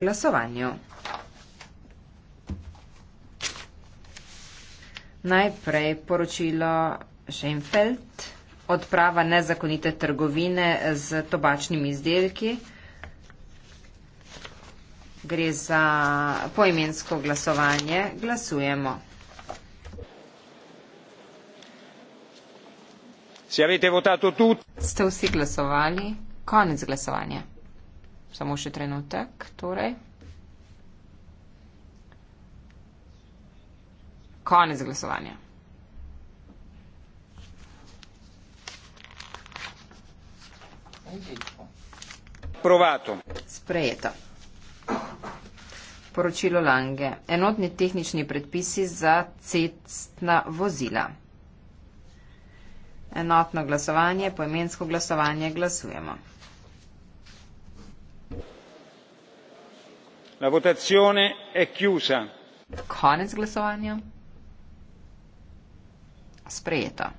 glasovanju. Najprej poročilo Šeinfeld, odprava nezakonite trgovine z tobačnimi izdelki. Gre za poimensko glasovanje. Glasujemo. Ste vsi glasovali? Konec glasovanja. Samo še trenutek, torej. Konec glasovanja. Provato. Sprejeto. Poročilo Lange. Enotni tehnični predpisi za cestna vozila. Enotno glasovanje, poimensko glasovanje glasujemo. La votazione è chiusa. Konec glasovanja. Sprejeta.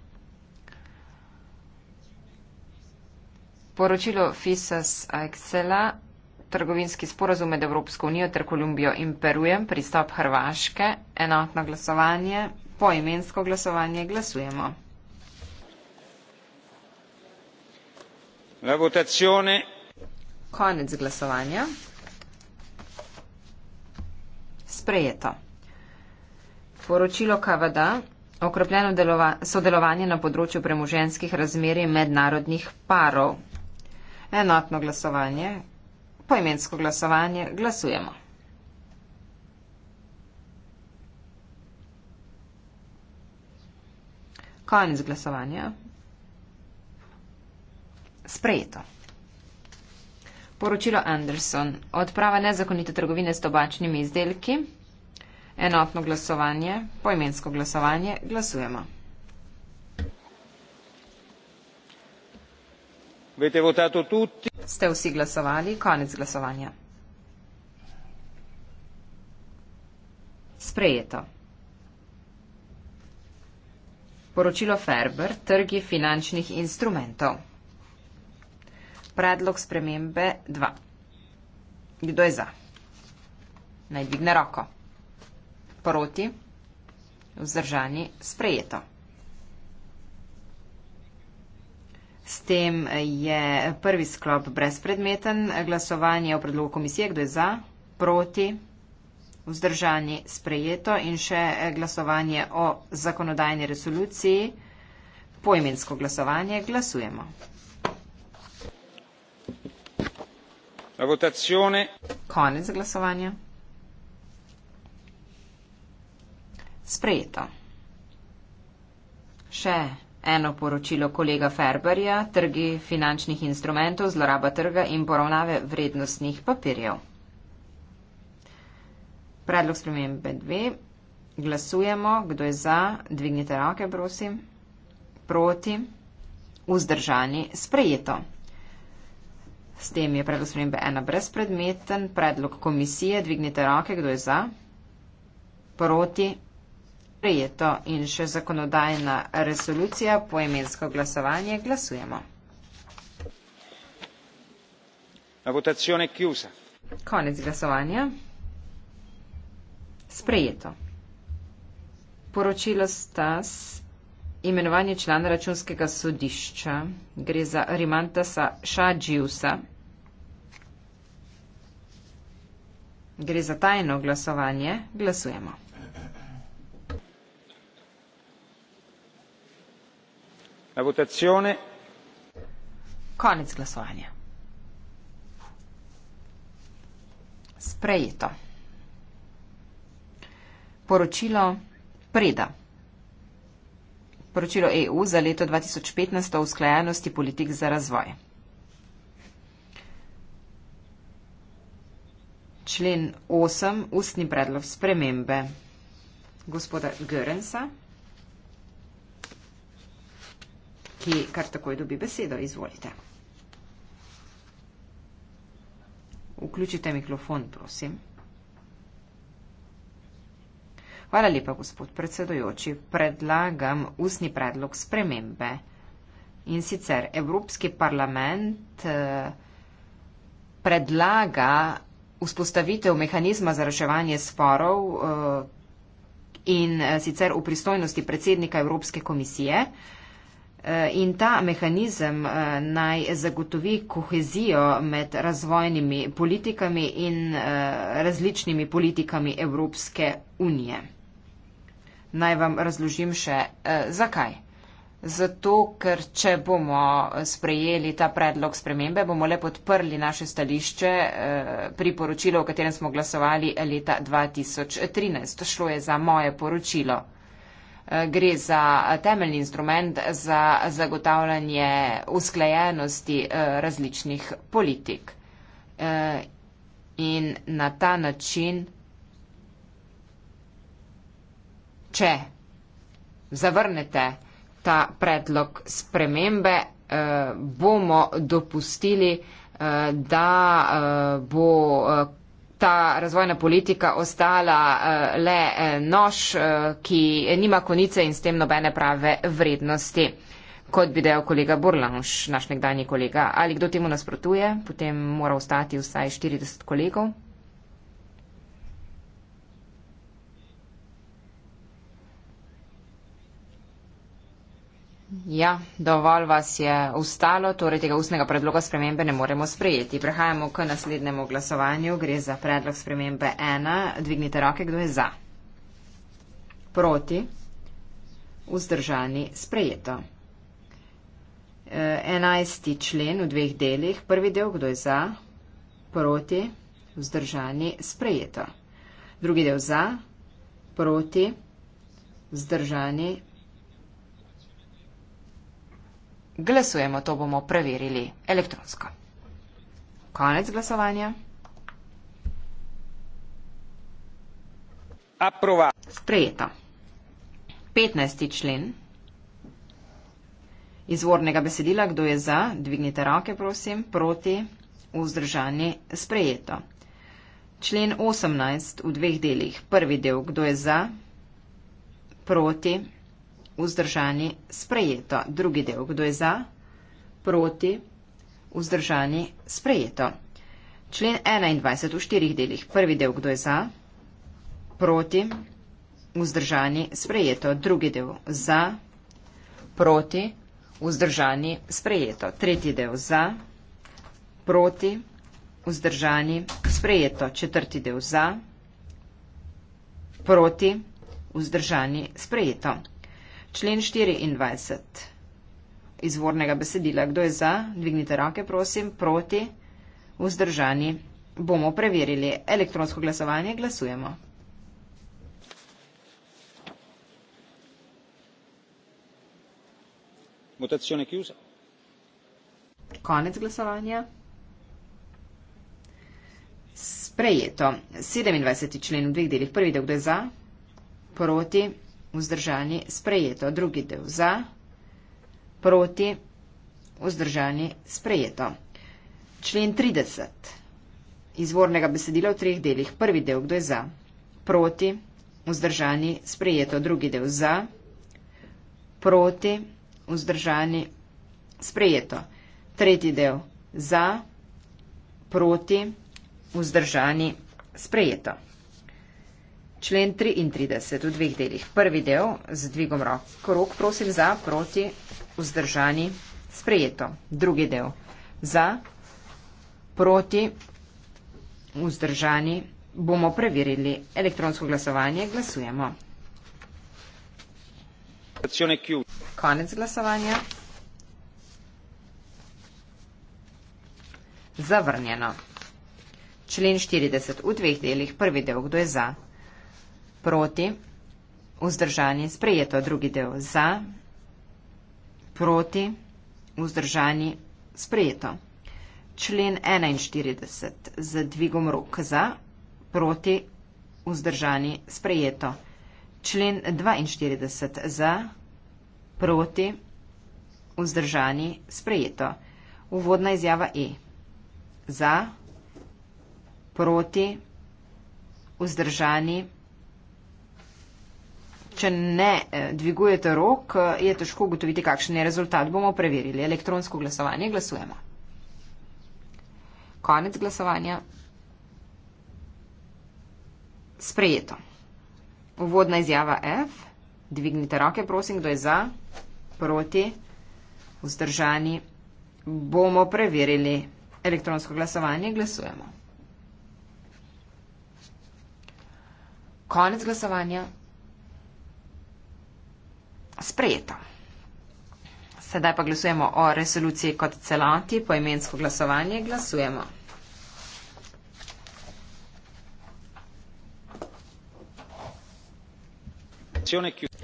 Poročilo FISAS Excela, trgovinski sporazum med Evropsko unijo ter Kolumbijo in Perujem, pristop Hrvaške, enotno glasovanje, poimensko glasovanje, glasujemo. La votazione. Konec glasovanja sprejeto. Poročilo KVD, okrepljeno delova, sodelovanje na področju premoženskih razmerij mednarodnih parov. Enotno glasovanje, poimensko glasovanje, glasujemo. Konec glasovanja. Sprejeto. Poročilo Anderson. Odprava nezakonite trgovine s tobačnimi izdelki. Enotno glasovanje, poimensko glasovanje, glasujemo. Ste vsi glasovali, konec glasovanja. Sprejeto. Poročilo Ferber, trgi finančnih instrumentov. Predlog spremembe 2. Kdo je za? Naj dvigne roko proti, vzdržani, sprejeto. S tem je prvi sklop brezpredmeten. Glasovanje o predlogu komisije, kdo je za, proti, vzdržani, sprejeto in še glasovanje o zakonodajni resoluciji, poimensko glasovanje. Glasujemo. La Konec glasovanja. Sprejeto. Še eno poročilo kolega Ferberja, trgi finančnih instrumentov, zloraba trga in poravnave vrednostnih papirjev. Predlog spremembe 2. Glasujemo, kdo je za, dvignite roke, prosim. Proti, vzdržani, sprejeto. S tem je predlog spremembe 1 brezpredmeten, predlog komisije, dvignite roke, kdo je za. Proti, prejeto in še zakonodajna resolucija poemensko glasovanje glasujemo. La votazione è chiusa. Konec glasovanja. Sprejeto. Poročilo stas imenovanje člana računskega sodišča. Gre za Rimantasa Šadžiusa. Gre za tajno glasovanje. Glasujemo. konec glasovanja sprejeto poročilo preda poročilo EU za leto 2015 o usklajenosti politik za razvoj. Člen 8. Ustni predlog spremembe gospoda Görensa. ki kar takoj dobi besedo. Izvolite. Vključite mikrofon, prosim. Hvala lepa, gospod predsedojoči. Predlagam usni predlog spremembe. In sicer Evropski parlament eh, predlaga vzpostavitev mehanizma za reševanje sporov eh, in eh, sicer v pristojnosti predsednika Evropske komisije. Eh, in ta mehanizem eh, naj zagotovi kohezijo med razvojnimi politikami in eh, različnimi politikami Evropske unije. Naj vam razložim še zakaj. Zato, ker če bomo sprejeli ta predlog spremembe, bomo le podprli naše stališče pri poročilu, o katerem smo glasovali leta 2013. Šlo je za moje poročilo. Eh, gre za temeljni instrument za zagotavljanje usklajenosti eh, različnih politik. Eh, in na ta način, če zavrnete ta predlog spremembe, bomo dopustili, da bo ta razvojna politika ostala eh, le eh, nož, eh, ki nima konice in s tem nobene prave vrednosti. Kot bi dejal kolega Burlanš, naš nekdanji kolega. Ali kdo temu nasprotuje, potem mora ostati vsaj 40 kolegov. Ja, dovolj vas je ustalo, torej tega ustnega predloga spremembe ne moremo sprejeti. Prehajamo k naslednjemu glasovanju. Gre za predlog spremembe 1. Dvignite roke, kdo je za. Proti. Vzdržani. Sprejeto. 11. E, člen v dveh delih. Prvi del, kdo je za. Proti. Vzdržani. Sprejeto. Drugi del za. Proti. Vzdržani. Glasujemo, to bomo preverili elektronsko. Konec glasovanja. Aprova. Sprejeto. 15. člen. Izvornega besedila, kdo je za, dvignite roke, prosim, proti, vzdržani, sprejeto. Člen 18 v dveh delih. Prvi del, kdo je za, proti, vzdržani vzdržani, sprejeto. Drugi del, kdo je za, proti, vzdržani, sprejeto. Člen 21 v štirih delih. Prvi del, kdo je za, proti, vzdržani, sprejeto. Drugi del, za, proti, vzdržani, sprejeto. Tretji del, za, proti, vzdržani, sprejeto. Četrti del, za, proti, vzdržani, sprejeto. Člen 24 izvornega besedila. Kdo je za? Dvignite roke, prosim. Proti? Vzdržani? Bomo preverili. Elektronsko glasovanje glasujemo. Votazione chiusa. Konec glasovanja. Sprejeto. 27. člen v dveh delih. Prvi del, kdo je za? Proti? vzdržani, sprejeto. Drugi del za, proti, vzdržani, sprejeto. Člen 30. Izvornega besedila v treh delih. Prvi del, kdo je za, proti, vzdržani, sprejeto. Drugi del za, proti, vzdržani, sprejeto. Tretji del za, proti, vzdržani, sprejeto. Člen 33 v dveh delih. Prvi del z dvigom rok. Rok prosim za, proti, vzdržani, sprejeto. Drugi del za, proti, vzdržani, bomo preverili elektronsko glasovanje. Glasujemo. Konec glasovanja. Zavrnjeno. Člen 40 v dveh delih. Prvi del, kdo je za? proti, vzdržani, sprejeto, drugi del za, proti, vzdržani, sprejeto. Člen 41 z dvigom rok za, proti, vzdržani, sprejeto. Člen 42 za, proti, vzdržani, sprejeto. Uvodna izjava E. Za, proti, vzdržani, sprejeto če ne eh, dvigujete rok, eh, je težko ugotoviti, kakšen je rezultat. Bomo preverili. Elektronsko glasovanje. Glasujemo. Konec glasovanja. Sprejeto. Uvodna izjava F. Dvignite roke, prosim, kdo je za, proti, vzdržani. Bomo preverili elektronsko glasovanje. Glasujemo. Konec glasovanja sprejeta. Sedaj pa glasujemo o resoluciji kot celoti, poimensko glasovanje glasujemo.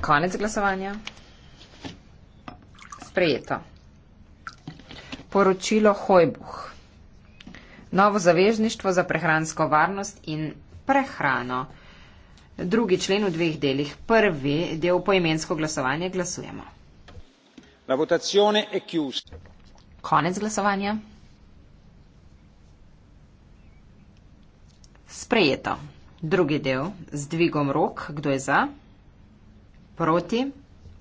Konec glasovanja. Sprejeto. Poročilo Hojbuh. Novo zavežništvo za prehransko varnost in prehrano. Drugi člen v dveh delih. Prvi del poimensko glasovanje glasujemo. La votazione è chiusa. Konec glasovanja. Sprejeto. Drugi del z dvigom rok. Kdo je za? Proti.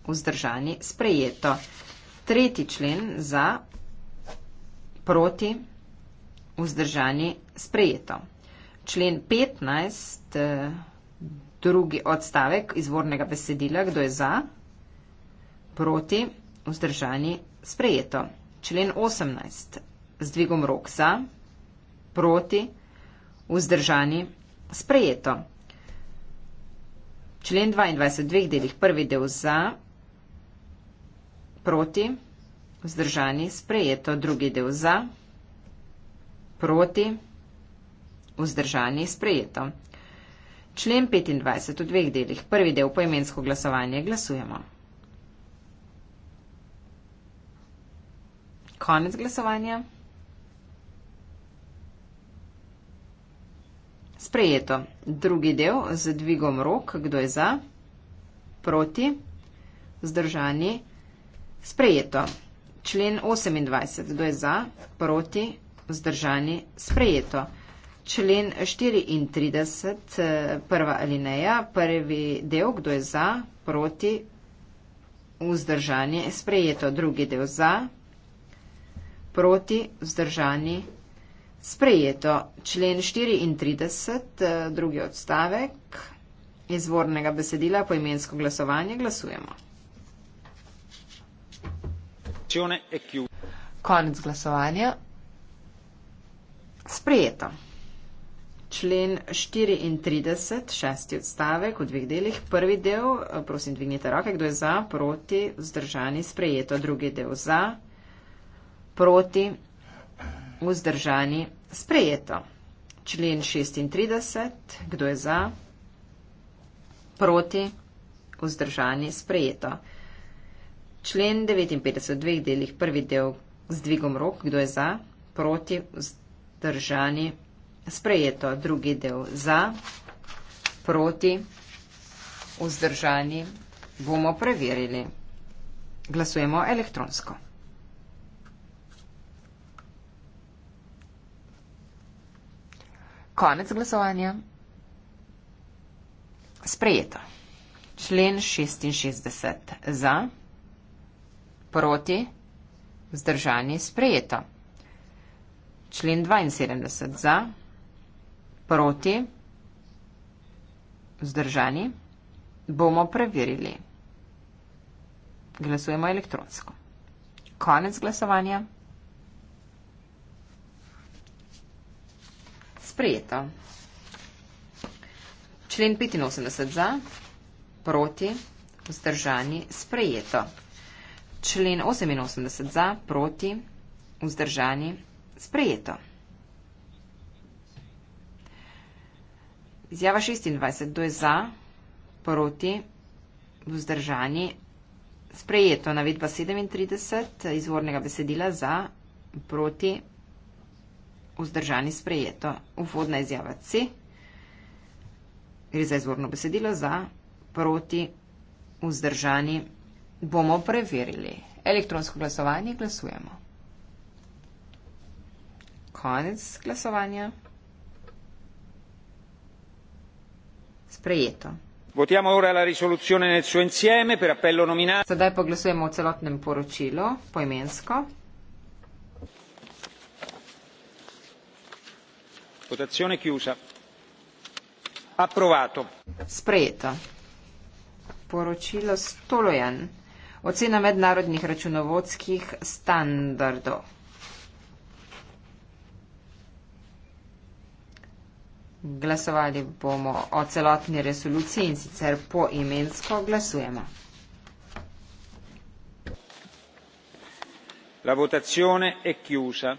Vzdržani. Sprejeto. Tretji člen za. Proti. Vzdržani. Sprejeto. Člen 15 drugi odstavek izvornega besedila, kdo je za, proti, vzdržani, sprejeto. Člen 18. Z dvigom rok za, proti, vzdržani, sprejeto. Člen 22. Dveh delih. Prvi del za, proti, vzdržani, sprejeto. Drugi del za, proti, vzdržani, sprejeto. Člen 25 v dveh delih. Prvi del poimensko glasovanje. Glasujemo. Konec glasovanja. Sprejeto. Drugi del z dvigom rok. Kdo je za? Proti? Zdržani? Sprejeto. Člen 28. Kdo je za? Proti? Zdržani? Sprejeto. Člen 34, eh, prva alineja, prvi del, kdo je za, proti, vzdržanje, sprejeto. Drugi del za, proti, vzdržanje, sprejeto. Člen 34, eh, drugi odstavek izvornega besedila po imensko glasovanje. Glasujemo. Konec glasovanja. Sprejeto člen 34, šesti odstavek v dveh delih. Prvi del, eh, prosim, dvignite roke, kdo je za, proti, vzdržani, sprejeto. Drugi del za, proti, vzdržani, sprejeto. Člen 36, kdo je za, proti, vzdržani, sprejeto. Člen 59, dveh delih, prvi del z dvigom rok, kdo je za, proti, vzdržani, sprejeto sprejeto. Drugi del za, proti, vzdržani, bomo preverili. Glasujemo elektronsko. Konec glasovanja. Sprejeto. Člen 66 za, proti, vzdržani, sprejeto. Člen 72 za proti, vzdržani, bomo preverili. Glasujemo elektronsko. Konec glasovanja. Sprejeto. Člen 85 za, proti, vzdržani, sprejeto. Člen 88 za, proti, vzdržani, sprejeto. Izjava 26. Kdo je za, proti, vzdržani? Sprejeto. Navedba 37. Izvornega besedila za, proti, vzdržani? Sprejeto. Uvodna izjava C. Gre za izvorno besedilo za, proti, vzdržani? Bomo preverili. Elektronsko glasovanje glasujemo. Konec glasovanja. sprejeto. sedaj pa glasujemo o celotnem poročilu poimensko. sprejeto. poročilo stolojan ocena mednarodnih računovodskih standardov. Glasovali bomo o celotni resoluciji in sicer po imensko glasujemo. La votazione è chiusa.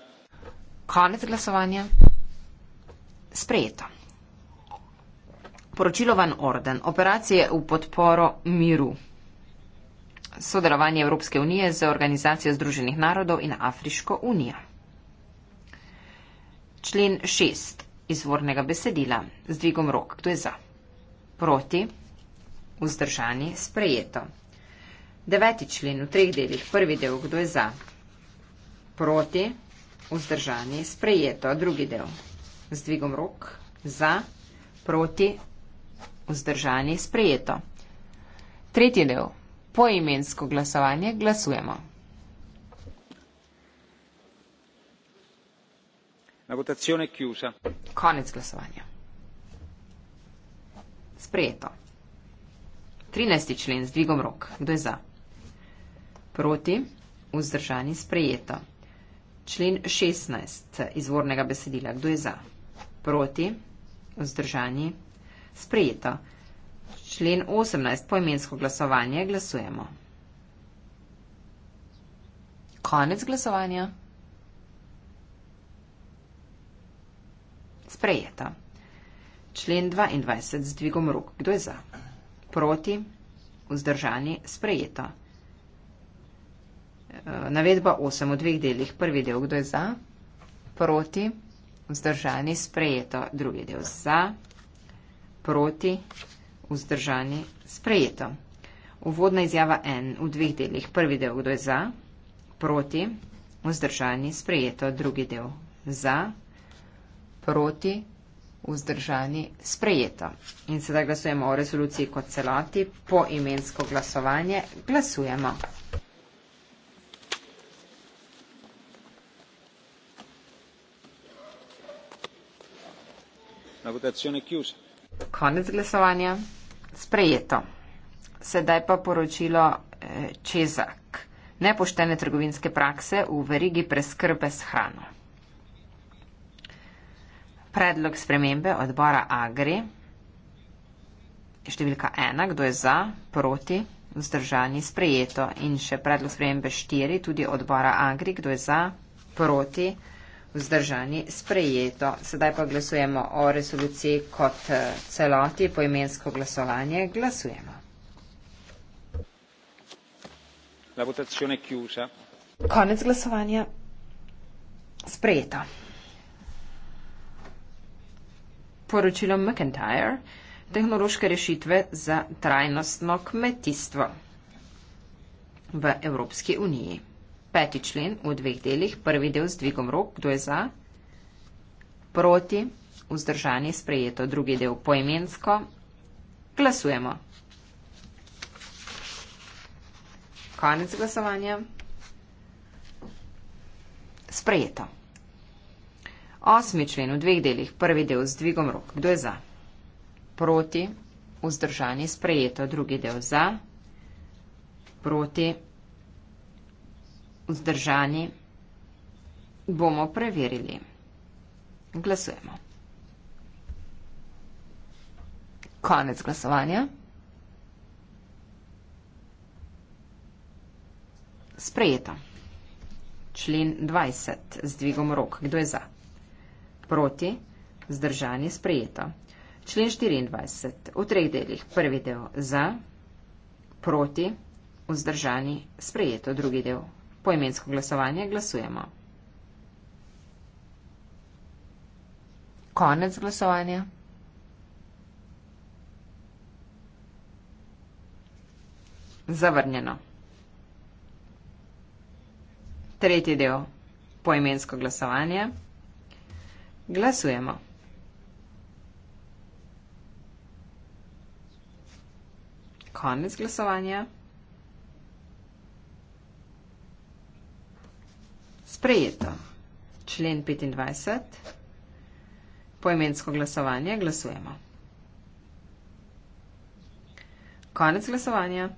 Konec glasovanja. Sprejeto. Poročilo van orden. Operacije v podporo miru. Sodelovanje Evropske unije z Organizacijo združenih narodov in Afriško unijo. Člen 6 izvornega besedila. Z dvigom rok, kdo je za? Proti? Vzdržani? Sprejeto. Deveti člen v treh delih. Prvi del, kdo je za? Proti? Vzdržani? Sprejeto. Drugi del. Z dvigom rok? Za? Proti? Vzdržani? Sprejeto. Tretji del. Poimensko glasovanje glasujemo. konec glasovanja sprejeto trinajsti člen z dvigom rok kdo je za proti vzdržani sprejeto člen šestnajst izvornega besedila kdo je za proti vzdržani sprejeto člen osemnajst poimensko glasovanje glasujemo konec glasovanja sprejeta. Člen 22 z dvigom rok. Kdo je za? Proti? Vzdržani? Sprejeta. E, navedba 8 v dveh delih. Prvi del. Kdo je za? Proti? Vzdržani? Sprejeta. Drugi del. Za? Proti? Vzdržani? Sprejeta. Uvodna izjava N v dveh delih. Prvi del. Kdo je za? Proti? Vzdržani? Sprejeta. Drugi del. Za? Proti? proti, vzdržani, sprejeto. In sedaj glasujemo o rezoluciji kot celoti, po imensko glasovanje glasujemo. Konec glasovanja. Sprejeto. Sedaj pa poročilo eh, Čezak. Nepoštene trgovinske prakse v verigi preskrbe s hrano predlog spremembe odbora Agri. Številka ena, kdo je za, proti, vzdržani, sprejeto. In še predlog spremembe štiri, tudi odbora Agri, kdo je za, proti, vzdržani, sprejeto. Sedaj pa glasujemo o resoluciji kot eh, celoti, poimensko glasovanje. Glasujemo. La votazione è chiusa. Con il glasovanie. Spreta poročilom McIntyre tehnološke rešitve za trajnostno kmetijstvo v Evropski uniji. Peti člen v dveh delih, prvi del z dvigom rok, kdo je za, proti, vzdržanje sprejeto, drugi del poimensko, glasujemo. Konec glasovanja. Sprejeto. Osmi člen v dveh delih. Prvi del z dvigom rok. Kdo je za? Proti. Vzdržani sprejeto. Drugi del za. Proti. Vzdržani. Bomo preverili. Glasujemo. Konec glasovanja. Sprejeto. Člen 20 z dvigom rok. Kdo je za? proti, zdržanje sprejeto. Člen 24. V treh delih. Prvi del za, proti, vzdržani, sprejeto. Drugi del. Poimensko glasovanje glasujemo. Konec glasovanja. Zavrnjeno. Tretji del. Poimensko glasovanje. Glasujemo. Konec glasovanja. Sprejeto. Člen 25. Poimensko glasovanje. Glasujemo. Konec glasovanja.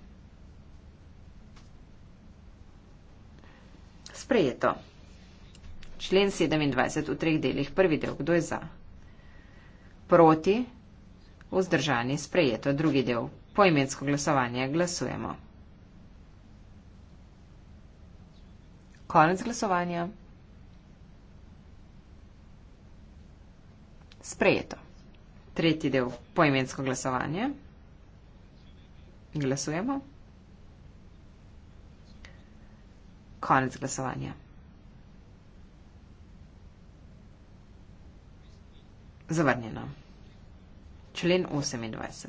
Sprejeto. Člen 27 v treh delih. Prvi del, kdo je za? Proti? Vzdržani, sprejeto. Drugi del. Poimensko glasovanje. Glasujemo. Konec glasovanja. Sprejeto. Tretji del. Poimensko glasovanje. Glasujemo. Konec glasovanja. Zavrnjeno. Člen 28.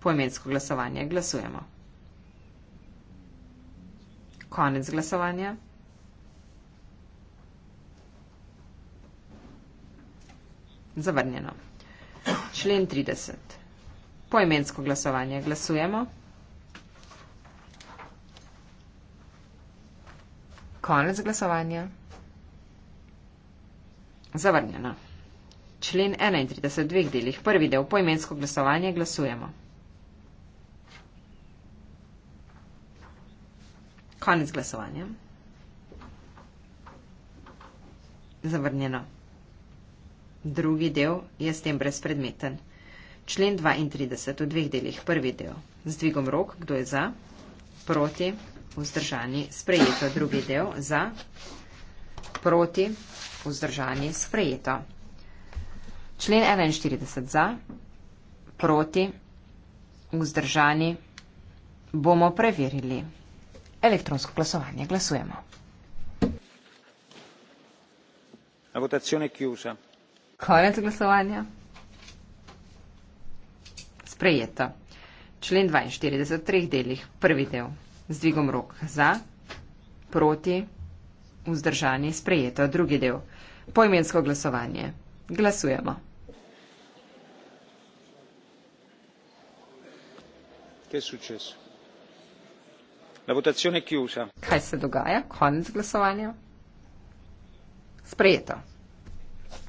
Poimensko glasovanje. Glasujemo. Konec glasovanja. Zavrnjeno. Člen 30. Poimensko glasovanje. Glasujemo. Konec glasovanja. Zavrnjeno. Člen 31. dveh delih. Prvi del. Poimensko glasovanje. Glasujemo. Konec glasovanja. Zavrnjeno. Drugi del je s tem brezpredmeten. Člen 32 v dveh delih. Prvi del. Z dvigom rok, kdo je za, proti, vzdržani, sprejeto. Drugi del, za, proti, vzdržani, sprejeto. Člen 41 za, proti, vzdržani, bomo preverili. Elektronsko glasovanje. Glasujemo. La votazione chiusa. Konec glasovanja. Sprejeto. Člen 42 v treh delih. Prvi del. Z dvigom rok za, proti, vzdržani sprejeto drugi del. Poimensko glasovanje. Glasujemo. Kaj se dogaja? Konec glasovanja. Sprejeto.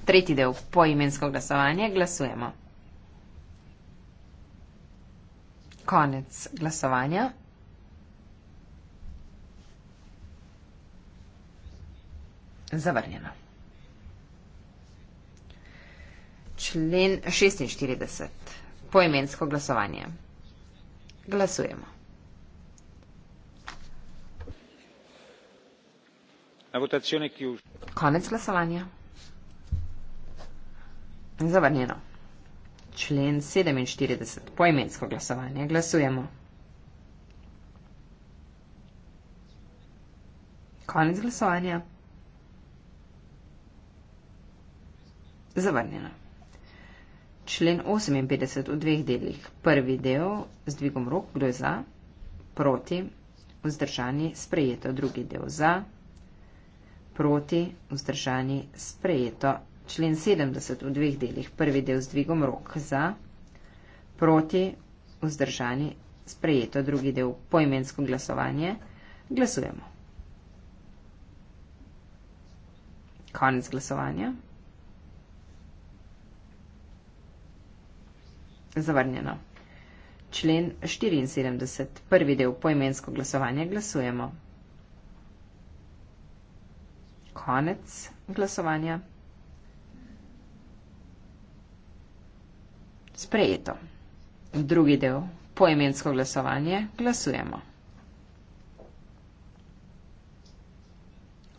Tretji del. Poimensko glasovanje. Glasujemo. Konec glasovanja. Zavrnjeno. Člen 46. Poimensko glasovanje. Glasujemo. Konec glasovanja. Zavrnjeno. Člen 47. Poimensko glasovanje. Glasujemo. Konec glasovanja. zavrnjena. Člen 58 v dveh delih. Prvi del z dvigom rok, kdo je za, proti, vzdržani, sprejeto. Drugi del za, proti, vzdržani, sprejeto. Člen 70 v dveh delih. Prvi del z dvigom rok za, proti, vzdržani, sprejeto. Drugi del poimensko glasovanje. Glasujemo. Konec glasovanja. Zavrnjeno. Člen 74. Prvi del poimensko glasovanje glasujemo. Konec glasovanja. Sprejeto. Drugi del poimensko glasovanje glasujemo.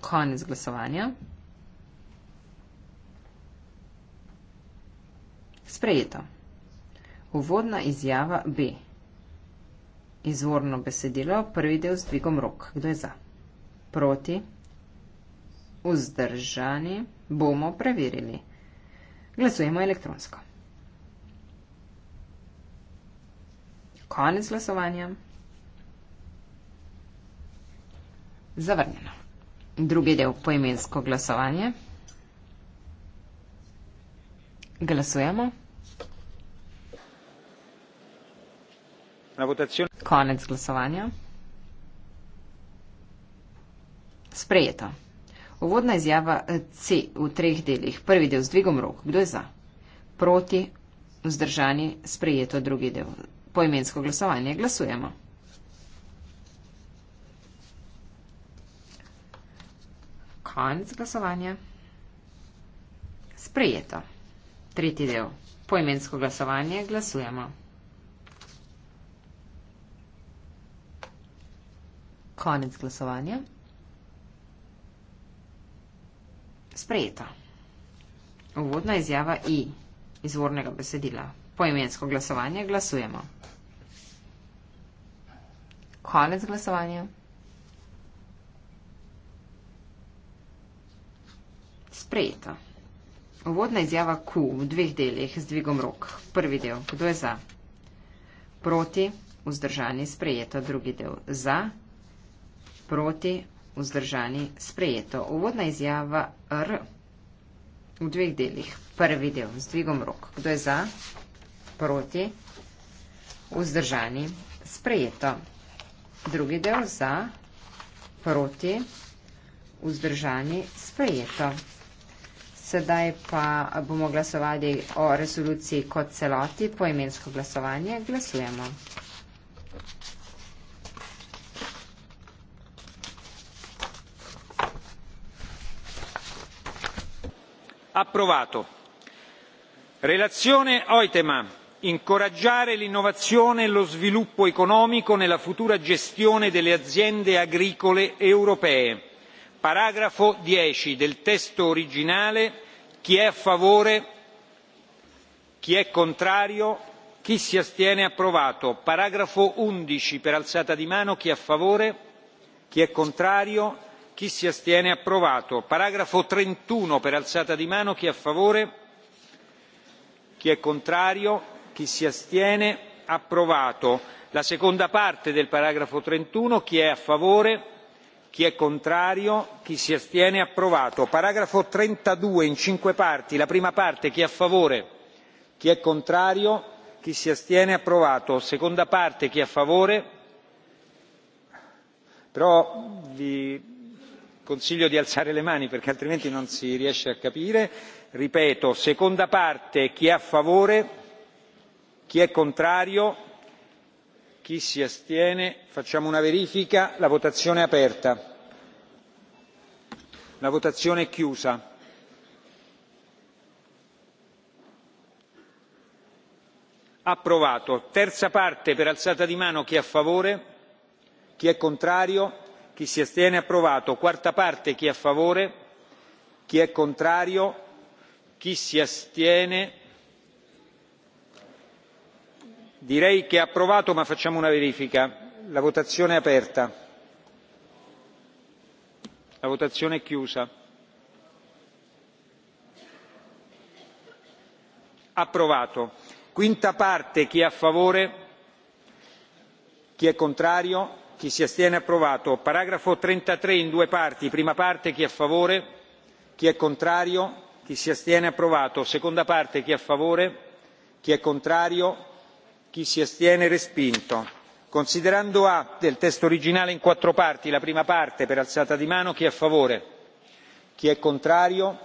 Konec glasovanja. Sprejeto. Uvodna izjava B. Izvorno besedilo, prvi del z dvigom rok. Kdo je za? Proti? Vzdržani? Bomo preverili. Glasujemo elektronsko. Konec glasovanja. Zavrnjeno. Drugi del poimensko glasovanje. Glasujemo. Konec glasovanja. Sprejeto. Uvodna izjava eh, C v treh delih. Prvi del z dvigom rok. Kdo je za? Proti. Vzdržanje. Sprejeto. Drugi del. Poimensko glasovanje. Glasujemo. Konec glasovanja. Sprejeto. Tretji del. Poimensko glasovanje. Glasujemo. konec glasovanja. Sprejeto. Uvodna izjava I izvornega besedila. Poimensko glasovanje glasujemo. Konec glasovanja. Sprejeto. Uvodna izjava Q v dveh delih z dvigom rok. Prvi del. Kdo je za? Proti. Vzdržani. Sprejeto. Drugi del. Za proti, vzdržani, sprejeto. Uvodna izjava R v dveh delih. Prvi del z dvigom rok. Kdo je za, proti, vzdržani, sprejeto. Drugi del za, proti, vzdržani, sprejeto. Sedaj pa bomo glasovali o resoluciji kot celoti, poimensko glasovanje. Glasujemo. approvato relazione ojtema incoraggiare l'innovazione e lo sviluppo economico nella futura gestione delle aziende agricole europee paragrafo dieci del testo originale chi è a favore chi è contrario chi si astiene è approvato paragrafo undici per alzata di mano chi è a favore chi è contrario chi si astiene approvato paragrafo trentuno per alzata di mano chi è a favore chi è contrario chi si astiene approvato la seconda parte del paragrafo trentuno chi è a favore chi è contrario chi si astiene approvato paragrafo trentadue in cinque parti la prima parte chi è a favore chi è contrario chi si astiene approvato seconda parte chi è a favore però vi consiglio di alzare le mani perché altrimenti non si riesce a capire. ripeto seconda parte chi è a favore chi è contrario chi si astiene? facciamo una verifica la votazione è aperta la votazione è chiusa. approvato. terza parte per alzata di mano chi è a favore chi è contrario chi si astiene approvato quarta parte chi è a favore chi è contrario chi si astiene direi che è approvato ma facciamo una verifica la votazione è aperta la votazione è chiusa approvato quinta parte chi è a favore chi è contrario chi si astiene approvato paragrafo trentatré in due parti prima parte chi è a favore chi è contrario chi si astiene approvato seconda parte chi è a favore chi è contrario chi si astiene respinto considerando a del testo originale in quattro parti la prima parte per alzata di mano chi è a favore chi è contrario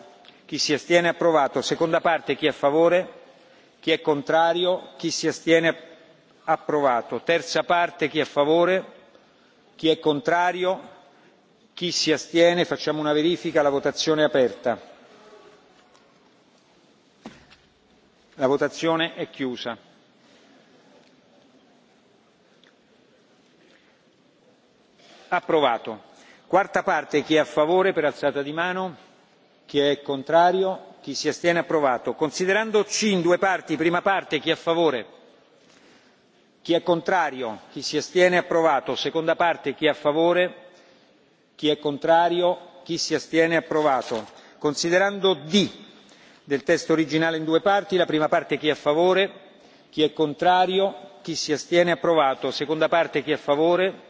chi si astiene approvato seconda parte chi è a favore chi è contrario chi si astiene approvato terza parte chi è a favore chi è contrario chi si astiene facciamo una verifica la votazione è aperta la votazione è chiusa approvato quarta parte chi è a favore per alzata di mano chi è contrario chi si astiene considerando in due parti prima parte chi è a favore chi è contrario chi si astiene è approvato seconda parte chi è a favore chi è contrario chi si astiene è approvato considerando d del testo originale in due parti la prima parte chi è a favore chi è contrario chi si astiene è approvato seconda parte chi è a favore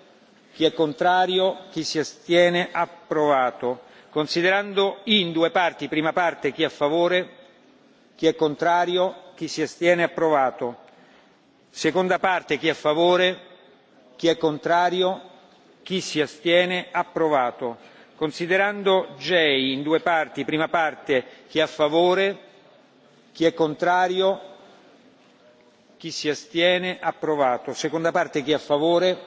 chi è contrario chi si astiene è approvato considerando i in due parti prima parte chi è a favore chi è contrario chi si astiene è approvato seconda parte chi è a favore chi è contrario chi si astiene approvato considerando jei in due parti prima parte chi è a favore chi è contrario chi si astiene approvato seconda parte chi è a favore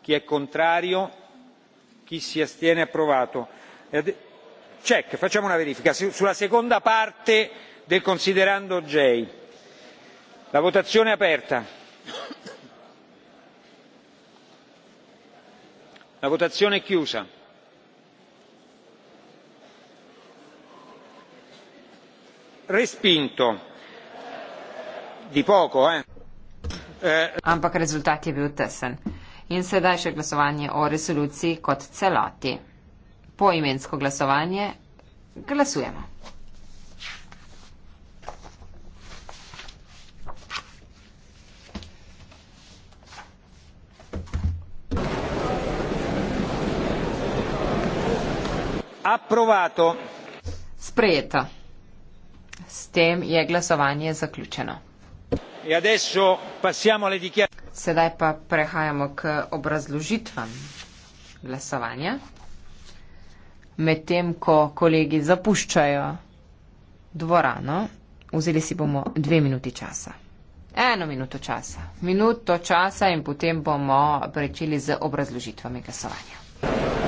chi è contrario chi si astiene approvato e check facciamo una verifica sulla seconda parte del considerando jei la votazione è aperta la votazione è chiusa respinto di poco eh. eh ampak rezultat je bil tesen in sedaj še glasovanje o resoluciji kot celoti po imensko glasovanje glasujemo approvato. Sprejeta. S tem je glasovanje zaključeno. E adesso passiamo alle dichiarazioni. Sedaj pa prehajamo k obrazložitvam glasovanja. Medtem, ko kolegi zapuščajo dvorano, vzeli si bomo dve minuti časa. Eno minuto časa. Minuto časa in potem bomo prečeli z obrazložitvami glasovanja.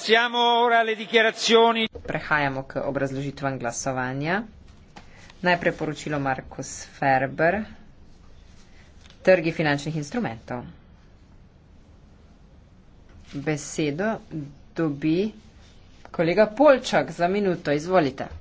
Passiamo ora alle dichiarazioni. Prehajamo k obrazložitvam glasovanja. Najprej poročilo Markus Ferber. Trgi finančnih instrumentov. Besedo dobi kolega Polčak za minuto. Izvolite.